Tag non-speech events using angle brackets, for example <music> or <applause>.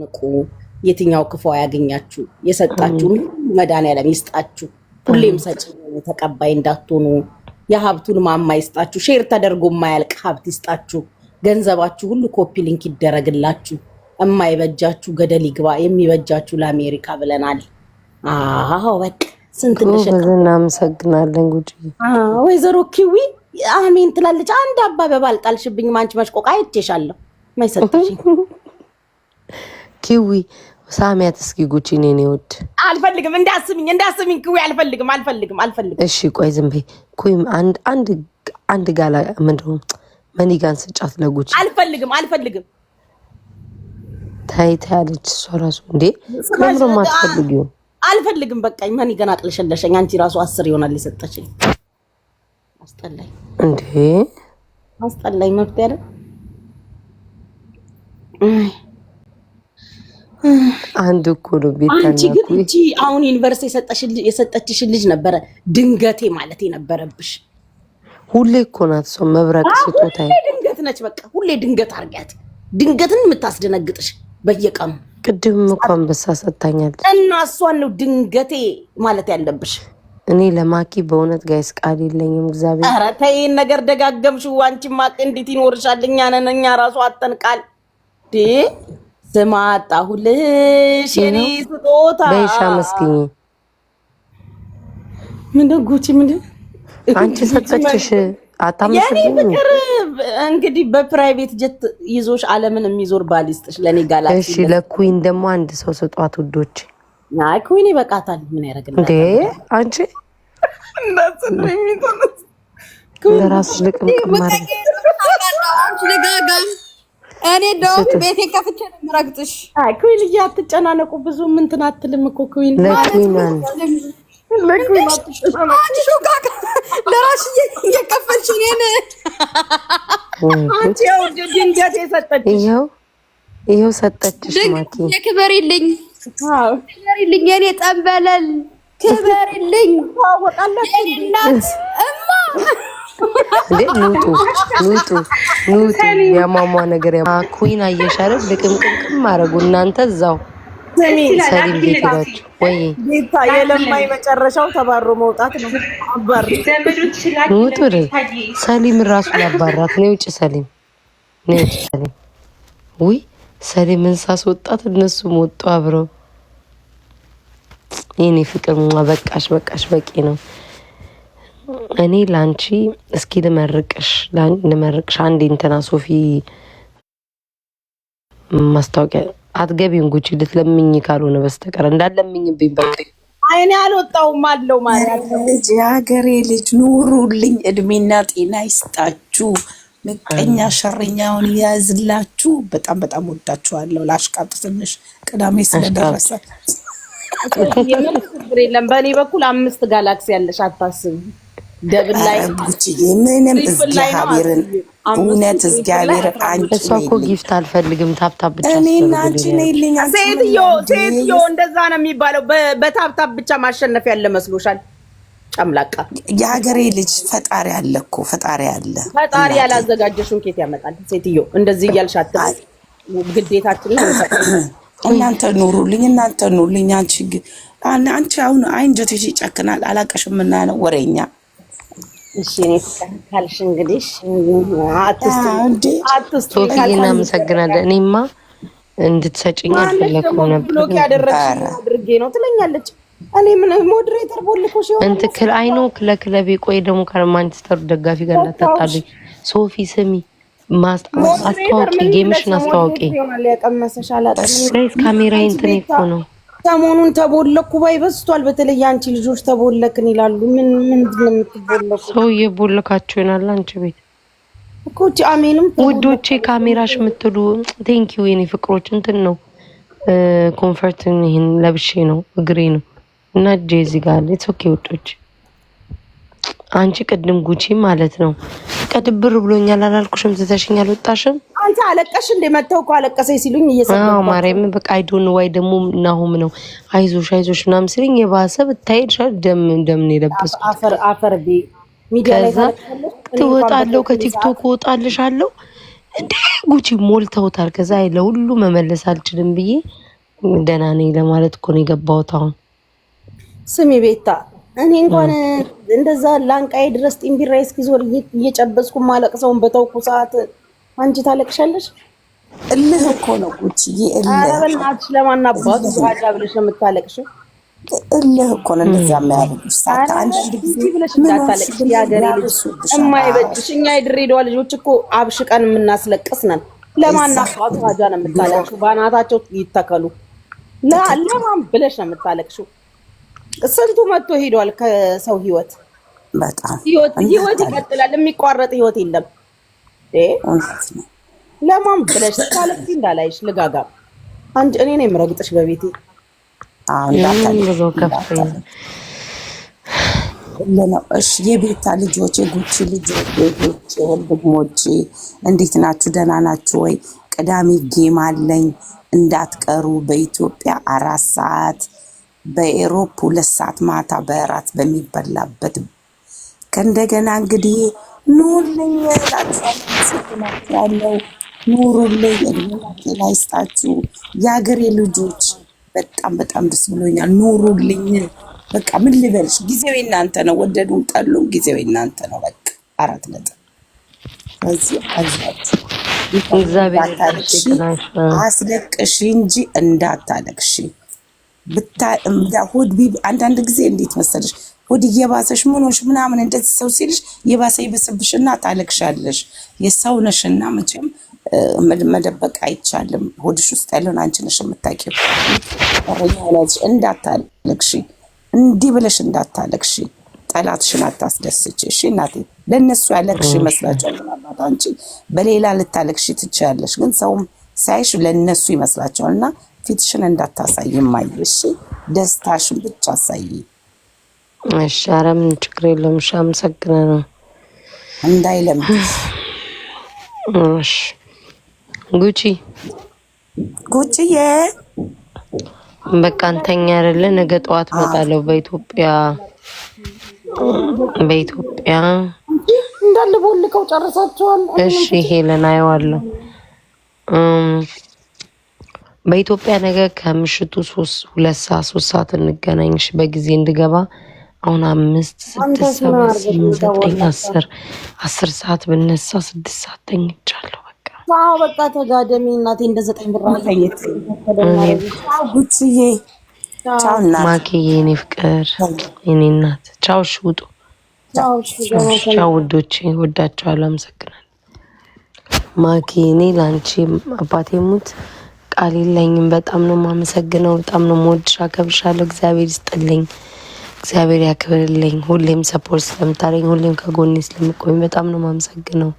ንቁ የትኛው ክፉ ያገኛችሁ የሰጣችሁን መድኃኒዓለም ይስጣችሁ። ሁሌም ሰጪ ተቀባይ እንዳትሆኑ። የሀብቱን ማማ ይስጣችሁ። ሼር ተደርጎ የማያልቅ ሀብት ይስጣችሁ። ገንዘባችሁ ሁሉ ኮፒ ሊንክ ይደረግላችሁ። የማይበጃችሁ ገደል ይግባ፣ የሚበጃችሁ ለአሜሪካ ብለናል። አዎ በቃ ስንት እንደሸቀ እናመሰግናለን። ወይዘሮ ኪዊ አሜን ትላለች። አንድ አበባ አልጣልሽብኝም ማንች መሽቆቃ አይቼሻለሁ ማይሰጥሽ <laughs> ኪዊ ሳሚያት እስኪ ጉቺን የኔ ውድ አልፈልግም፣ እንዳስሚኝ እንዳስሚኝ ኪዊ አልፈልግም፣ አልፈልግም፣ አልፈልግም። እሺ ቆይ ዝም በይ። ኩዊም አንድ አንድ አንድ ጋላ ምንድነው መኒጋን ስጫት ለጉቺ አልፈልግም፣ አልፈልግም። ታይ ታያለች እሷ ራሱ እንዴ ለምሮም አትፈልጊው አልፈልግም በቃኝ። መኒጋን ገና አቅለሸለሸኝ። አንቺ ራሱ አስር ይሆናል የሰጠችኝ። አስጠላኝ እንዴ አስጠላኝ። መብት ያለ አንድ እኮ ነው ቤት። አንቺ ግን እቺ አሁን ዩኒቨርሲቲ የሰጠችሽን ልጅ ነበረ ድንገቴ ማለት የነበረብሽ። ሁሌ እኮ ናት ሰው መብረቅ ስጦታ ድንገት ነች። በቃ ሁሌ ድንገት አርጊያት፣ ድንገትን የምታስደነግጥሽ በየቀኑ። ቅድም እኮ አንበሳ ሰጥታኛለች እና እሷን ነው ድንገቴ ማለት ያለብሽ። እኔ ለማኪ በእውነት ጋይስ ቃል የለኝም። እግዚአብሔር ኧረ ተይን ነገር ደጋገምሽው። አንቺማ እንዴት ይኖርሻል? እኛ ነን እኛ ራሱ አጠን ቃል ስማ አጣሁልሽ የኔ ስጦታ በይሻ መስኪኝ ምንድን ጉቺ ምንድን አንቺ ሰጠችሽ ፍቅር እንግዲህ በፕራይቬት ጀት ይዞሽ አለምን የሚዞር ባል ይስጥሽ ለኔ እሺ ለኩዊን ደግሞ አንድ ሰው ስጧት ውዶች አይ ኩዊን ይበቃታል ምን ያደርግልናል እንዴ አንቺ እኔ እንደውም ቤቴ ከፍቼ ነው የምረግጥሽ። አይ ኩዊን እያትጨናነቁ ብዙ እንትን አትልም እኮ ኩዊን ለራሽ እየከፈልሽ እኔን አንቺ ያው ድንገት የሰጠችሽ ይኸው ይኸው ሰጠችሽ። ማኪ ክበሪልኝ፣ የኔ ጠንበለል ክበሪልኝ። ታወቃለች እናት እማ እንዴ ንውጡ ንውጡ ንውጡ። የማሟ ነገር ኩን አየሻረ ልቅምቅምቅም አረጉ። እናንተ እዛው ሰሊም ቤት ሄዳችሁ ወይ የለማይ መጨረሻው ተባሮ መውጣት ነው። ንውጡ። ሰሊም ራሱ ያባራት ነው። ውጭ ሰሊም ነው። ውጭ ሰሊም ውይ ሰሊም እንሳስ ወጣት እነሱም ወጡ አብረው። የኔ ፍቅር በቃሽ፣ በቃሽ፣ በቂ ነው። እኔ ለአንቺ እስኪ ልመርቅሽ ልመርቅሽ አንዴ እንትና ሶፊ ማስታወቂያ አትገቢም ጉቺ ልትለምኝ ካልሆነ በስተቀር እንዳለምኝብኝ በ አይኔ አልወጣውም አለው ማለት የሀገሬ ልጅ ኑሩልኝ፣ እድሜና ጤና ይስጣችሁ፣ ምቀኛ ሸረኛውን ያዝላችሁ። በጣም በጣም ወዳችኋለሁ። ላሽቃብጥ ትንሽ ቅዳሜ ስለደረሰ የምን ችግር የለም። በእኔ በኩል አምስት ጋላክሲ ያለሽ አታስብ ደብል ላይ ምንም እውነት እግዚአብሔር አንቺ እሷ እኮ ጊፍት አልፈልግም። ታብታብ ብቻ እኔና አንቺ ሴትዮ ሴትዮ እንደዛ ነው የሚባለው። በታብታብ ብቻ ማሸነፍ ያለ መስሎሻል? ጨምላቃ የሀገሬ ልጅ ፈጣሪ አለ እኮ ፈጣሪ አለ። ፈጣሪ ያላዘጋጀሽውን ኬት ያመጣል? ሴትዮ እንደዚህ እያልሻት ግዴታችን <clears throat> እናንተ ኑሩልኝ፣ እናንተ ኑሩልኝ። አንቺ አንቺ አሁን ይጨክናል። አላቀሽም ወሬኛ እሺ እኔ ካልሽ እንግዲህ እናመሰግናለን። እኔማ እንድትሰጭኝ ነበር። ብሎክ ያደረግሽ አድርጌ ነው ትለኛለች። እኔ ምን ሞዴሬተር ቦልኮሽ ይሆን እንትን አይኖ ክለክለቤ ቆይ ደግሞ ከማንቸስተሩ ደጋፊ ጋር እንዳታጣሉኝ። ሶፊ ስሚ ጌምሽን ጋይስ እንትን እኮ ነው ሰሞኑን ተቦለኩ ባይ በዝቷል። በተለይ አንቺ ልጆች ተቦለክን ይላሉ። ምን ምንድን ነው የምትቦለኩ? ሰው እየቦለካችሁ ይሆናል። አንቺ ቤት እኮች አሜንም ውዶቼ፣ ካሜራሽ የምትሉ ዩ የኔ ፍቅሮች። እንትን ነው ኮንፈርትን ይህን ለብሼ ነው እግሬ ነው እና እጄ እዚህ ጋር አለ። ኢትስ ኦኬ ውዶች። አንቺ ቅድም ጉቺ ማለት ነው ቀድብር ብሎኛል አላልኩሽም? ትተሽኛል ወጣሽም አንተ አለቀሽ እንደ እንደመተው እኮ አለቀሰኝ ሲሉኝ እየሰማሁ ማርያም በቃ አይ ዶንት ዋይ ደግሞ ናሁም ነው አይዞሽ አይዞሽ ምናምን ሲለኝ የባሰ ብታይ ይሻል ደም ደም ነው የለበስኩት። አፈር አፈር ቢ ሚዲያ ላይ ትወጣለሁ ከቲክቶክ እወጣልሻለሁ እንደ ጉቺ ሞልተውታል። ከዛ ለሁሉ መመለስ አልችልም ብዬ ደህና ነኝ ለማለት እኮ ነው የገባሁት። አሁን ስሚ ቤታ እኔ እንኳን እንደዛ ላንቃዬ ድረስ ጢምቢራዬ እስኪዞር እየጨበስኩ ማለቅሰውን በተውኩ ሰዓት አንቺ ታለቅሻለሽ። እልህ እኮ ነው ጉቺዬ፣ እልህ በእናትሽ። ለማን አባቱ ዋጋ ብለሽ ነው የምታለቅሽው? እልህ እኮ ነው እንደዚያ የሚያደርግሽ። ብለሽ እንዳታለቅሽ የሀገሬ ልጅ የማይበጅሽ። እኛ የድሬዳዋ ልጆች እኮ አብሽቀን የምናስለቅስ ነን። ለማን አባቱ ዋጋ ነው የምታለቅሽው? በአናታቸው ይተከሉ። ለማን ብለሽ ነው የምታለቅሽው? ስንቱ መጥቶ ሄዷል ከሰው ህይወት። በጣም ህይወት ይቀጥላል፣ የሚቋረጥ ህይወት የለም። እውነት ነው። ለማን ብለሽ ስታለቅሺ እንዳላይሽ ልጋጋ። አንድ እኔ ነው የምረግጥሽ በቤቴ የቤታ ልጆች፣ የጉቺ ልጆች፣ ቤቶች፣ ወንድሞች እንዴት ናችሁ? ደህና ናችሁ ወይ? ቅዳሜ ጌም አለኝ እንዳትቀሩ። በኢትዮጵያ አራት ሰዓት በኤሮፕ ሁለት ሰዓት ማታ በእራት በሚበላበት ከእንደገና እንግዲህ ኑሩልኝ ላቸዋል ያለው ኑሩልኝ፣ እድሜ ላይስጣችሁ የሀገሬ ልጆች። በጣም በጣም ደስ ብሎኛል። ኑሩልኝ። በቃ ምን ልበልሽ፣ ጊዜው እናንተ ነው። ወደዱም ጠሉም ጊዜው እናንተ ነው። በቃ አራት ነጥብ። በዚህ አዛችሁ አስለቅሽ እንጂ እንዳታለቅሽ። ብታ ሆድ ቢ አንዳንድ ጊዜ እንዴት መሰለሽ ወደ እየባሰሽ ምኖሽ ምናምን እንደዚህ ሰው ሲልሽ እየባሰ ይበስብሽና ታለቅሻለሽ። የሰው ነሽና መቼም መደበቅ አይቻልም። ሆድሽ ውስጥ ያለውን አንቺ ነሽ የምታውቂው። እንዳታለቅሺ፣ እንዲህ ብለሽ እንዳታለቅሺ። ጠላትሽን አታስደስች። እሺ እናቴ፣ ለእነሱ ያለቅሽ ይመስላቸዋል። ምናልባት አንቺ በሌላ ልታለቅሺ ትችያለሽ፣ ግን ሰውም ሳይሽ ለእነሱ ይመስላቸዋል። እና ፊትሽን እንዳታሳይ ማየሽ፣ ደስታሽን ብቻ አሳይ። አሻረም ችግር የለውም። እሺ፣ ነው እንዳይለምድ እሺ። ጉቺ ጉቺዬ፣ በቃ እንተኛ አይደለ? ነገ ጠዋት እመጣለሁ። በኢትዮጵያ በኢትዮጵያ እንዳለ ቦልቀው ጨርሳቸዋል። እሺ፣ ሄለን አየዋለሁ። በኢትዮጵያ ነገ ከምሽቱ ሶስት ሁለት ሰዓት ሶስት ሰዓት እንገናኝሽ በጊዜ እንድገባ አሁን አምስት ስድስት ሰባት ስምንት ዘጠኝ አስር አስር ሰዓት ብነሳ ስድስት ሰዓት ተኝቻለሁ። በቃ አዎ፣ በቃ ተጋደሚ እናቴ። እንደ ዘጠኝ ብር ተኝት ጉችዬ። ማኪዬ፣ የኔ ፍቅር፣ የኔ እናት፣ ቻው። እሺ፣ ውጡ። ቻው ውዶቼ፣ ወዳቸዋለሁ። አመሰግናለሁ። ማኪ፣ እኔ ለአንቺ አባቴ ሙት ቃል የለኝም። በጣም ነው የማመሰግነው። በጣም ነው የምወድሽ፣ አከብርሻለሁ። እግዚአብሔር ይስጥልኝ። እግዚአብሔር ያክብርልኝ። ሁሌም ሰፖርት ስለምታደረኝ፣ ሁሌም ከጎኔ ስለምቆኝ በጣም ነው ማመሰግነው።